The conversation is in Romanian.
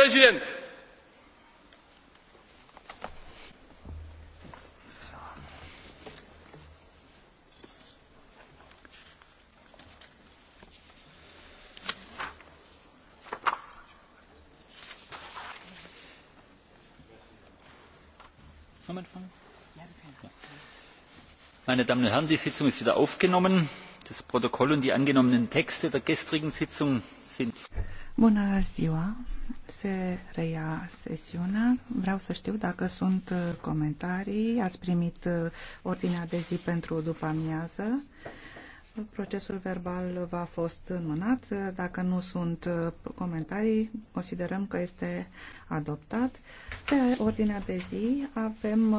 președinte. meine damen und herren! die sitzung ist wieder aufgenommen. das protokoll und die angenommenen texte der gestrigen sitzung sind. bună ziua! Se reia sesiunea. Vreau să știu dacă sunt uh, comentarii. Ați primit uh, ordinea de zi pentru după amiază. Procesul verbal va fost înmânat. Dacă nu sunt uh, comentarii, considerăm că este adoptat. Pe ordinea de zi avem